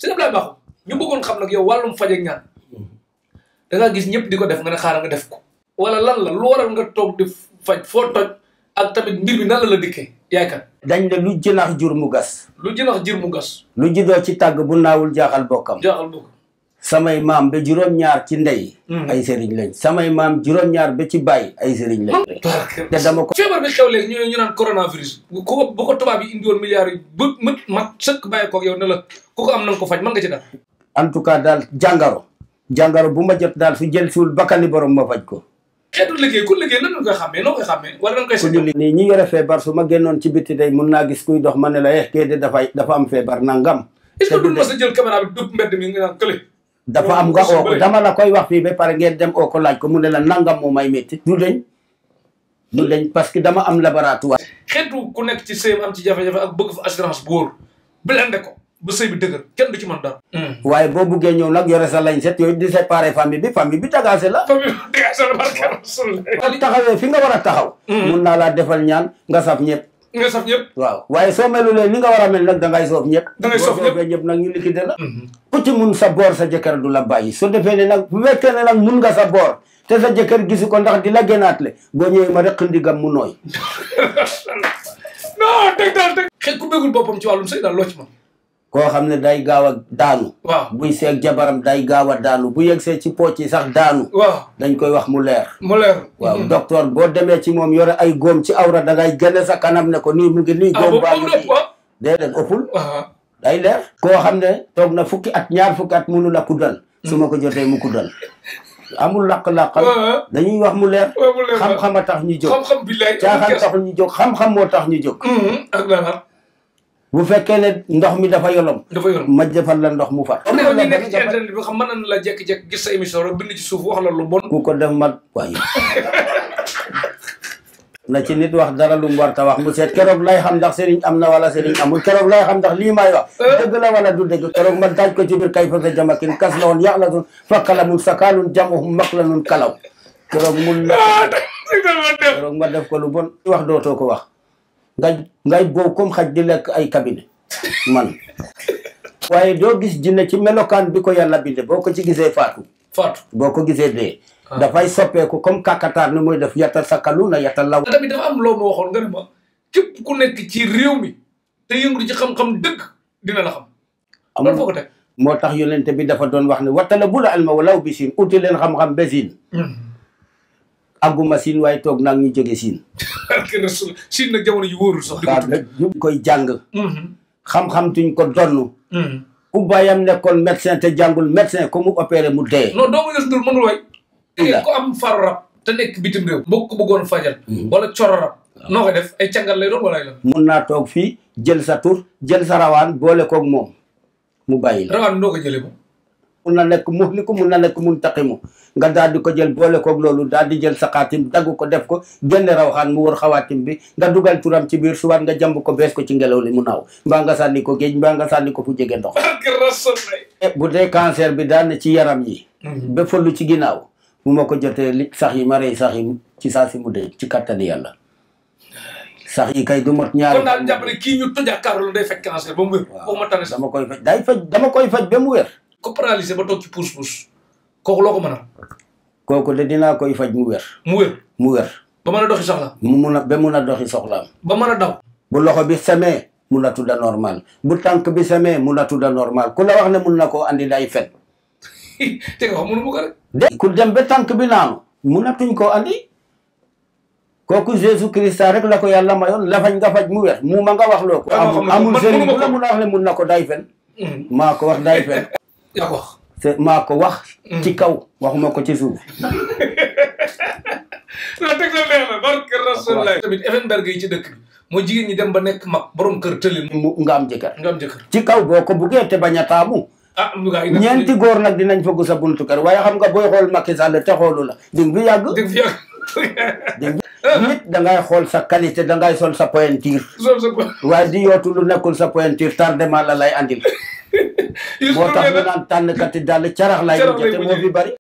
sëñ Ablaye Bakhoum ñu bëggoon xam nag yow wàllum faj ak ñaan da gis ñëpp di ko def nga ne xaaral nga def ko. wala lan la lu waral nga toog di faj foo toj ak tamit mbir bi nan la la dikkee yaay kan. dañ ne lu jëlax jur mu gas. lu jëlax jur mu gas. lu juddoo ci tàgg bu naawul jaaxal bokkam. jaaxal bokkam. samay maam ba juróom-ñaar ci ndey. Hmm. ay sëriñ lañ. samay maam juróom-ñaar ba ci bàyyi ay sëriñ lañ. Hmm. te ko. feebar bi xew léegi ñu ñu naan coronavirus bu ko bu ko tubaab yi indiwoon milliards yi mat sëkk bàyyi koog yow ne la ko am na ko faj mën nga ci dara. en tout daal jàngaro. jàngaro bu ma jot daal su jël siwul bakkani borom ma faj ko. xeetu liggéey ku liggéey nan nga koy xàmmee noo koy xàmmee wala nan koy. ku ñu nii ñi yore feebar su ma génnoon ci bitti day mun naa gis kuy dox ma ne la eh kii am feebar nangam. est-ce que dafa am nga oo dama la koy wax fii ba pare ngeen dem oo ko laaj ko mu ne la nangam moo may métti du deñ du deñ parce que dama am laboratoire xeetu ku nekk ci sëy am ci jafe ak bëgg assurance bu wóor blende ko ba sëy bi kenn du ci mën dara hmm. waaye boo buggee ñëw nag yore sa lañ set yooyu di séparé famille bi famille bi dagaase la famille bi dagaase la taxawee fi nga war a taxaw hmm. mun naa laa defal ñaan nga saf ñëpp nga saf ñëpp. waaw waaye soo melulee ni nga war a mel nag da ngay soof ñëpp. da ngay soof ñëpp ñëpp nag ñu liggéey la. Mhm. ku mun sa boor sa jëkkër du la bàyyi soo defee ne nag bu fekkee ne nag mun nga sa boor te sa jëkkër gisu ko ndax di la gënaat le boo ñëwee ma rek ndigam mu nooy. non dëgg daal dëgg. xëy ku bëggul boppam ci wàllum sëy daal loo ma koo xam ne day gaaw a daanu. waaw buy seeg jabaram day gaaw a daanu bu yegsee ci pooc yi sax daanu. waaw dañ koy wax mu leer. mu leer waaw mhm. docteur boo demee ci moom yore ay góom ci awra da ngay génne sa kanam ne ko nii mu ngi nii. Ah, góom baa ngi day leer. koo xam ne toog na fukki at ñaar fukki at mënu la kuddal. Hmm. ma ko jotee mu kuddal. amul làq-làqal dañuy wax mu leer xam-xam tax ñu jóg. xam-xam bi ñu jog xam-xam moo tax ñu jóg. Hmm, bu fekkee ne ndox mi dafa yolom dafa yolom ma jëfal la ndox mu far. am na nekk ci internet bi xam la jékki-jékki gis sa émission wax la lu bon. ku ko def mat waaye. ci nit wax dara lu mu war wax mu seet keroog lay xam ndax sëriñ am na wala sëriñ amul keroog lay xam ndax lii may wax eh? du dëgg keroog ma daaj ko ci kay fa sa jamakin kas la woon yàq la tun fakkalamum sakaalun jamuhum mak la nun kalaw keroog mun ah, def ko lu wax dootoo ko wax ngay ngay boobu comme xaj di lekk ay cabinet man waaye doo gis jinne ci melokaan bi ko yàlla binde boo ko ci gisee faatu faatu boo ko gisee dee ah. dafay soppeeku comme kàkataar ni muy def yata sakalu na yata law tamit dafa am loo ma waxoon nga ne ma képp nekk ci réew mi te yëngu ci xam-xam dëgg dina la xam loolu foo teg moo tax yonente bi dafa doon wax ne wattala bu la alma walaw bi siin leen xam-xam ba àgguma siin waaye toog nag ñu jógee siin. siin nag jamono ji wóorul sax. ñu koy jàng. Mhm. xam-xam tuñ ko donn. ku mhm. bàyyam nekkoon médecin te jàngul médecin ko mu opéré mu dee. non doomu Youssou Ndour mënul way. te ko am faru mhm. noo ko def ay càngal lay doon toog fii jël sa tur jël sa rawaan boole koog moom mu bàyyi la. rawaan noo ko jëlee moom. mu na nekk muhliku mun na nekk muntaqimu nga daal di ko jël boole kook loolu daal di jël sa xaatim dagg ko def ko raw rawxaan mu wër xawaatim bi nga dugal turam ci biir suwaat nga jàmb ko bees ko ci ngelaw li mu naaw mbaa nga sànni ko géej mbaa nga sànni ko fu jege ndox eh, bu dee cancer bi daal daan ci yaram yi mhm. ba fallu ci ginnaaw bu ma ko jotee li sax yi ma rey sax ci saa si mu dee ci kattani yàlla sax yi kay du mot ñaar kon daal jàpp ne kii ñu tëj akaarul day fekk cancer ba mu wér. dama koy faj day faj dama koy faj ba mu wér. ko paralysé ba toog ci pousse kooku loo ko mënal. kooku de dinaa koy faj mu wér. mu wér mu wér. ba mën a doxi soxla. mu mun a mun a doxi soxlaam. ba mën a daw. bu loxo bi semee mun na tudda normal bu tànk bi semee mun na tudda normal ku la wax ne mun na koo andi day fen. te ko ku dem ba tànk bi naanu. munatuñ koo andi. kooku Jésus Christa rek la ko yàlla mayoon lafañ nga faj mu wér mu ma nga wax loo ko. amul sëriñ bu la mun wax ne mun na ko day fen. Mm. maa ko wax day fen. wax. maa ko wax. Mm. ci kaw waxuma ko ci suuf. non teg tamit Effenberg yi ci dëkk bi jigéen ñi dem ba nekk mag borom kër tële. mu nga am jëkkër. nga am ci kaw boo ko buggee te bañ a taamu. ah ñeenti góor nag dinañ fëgg sa buntu kër waaye xam nga booy xool Macky Sall te xoolu la di nga fi ah. xool sa qualité da ngay sol sa pointure. sol sa pointure di yootu lu nekkul sa pointure tardement la lay andil. moo tax ñu naan tànnkati dàll carax laay mujj te moo fi bari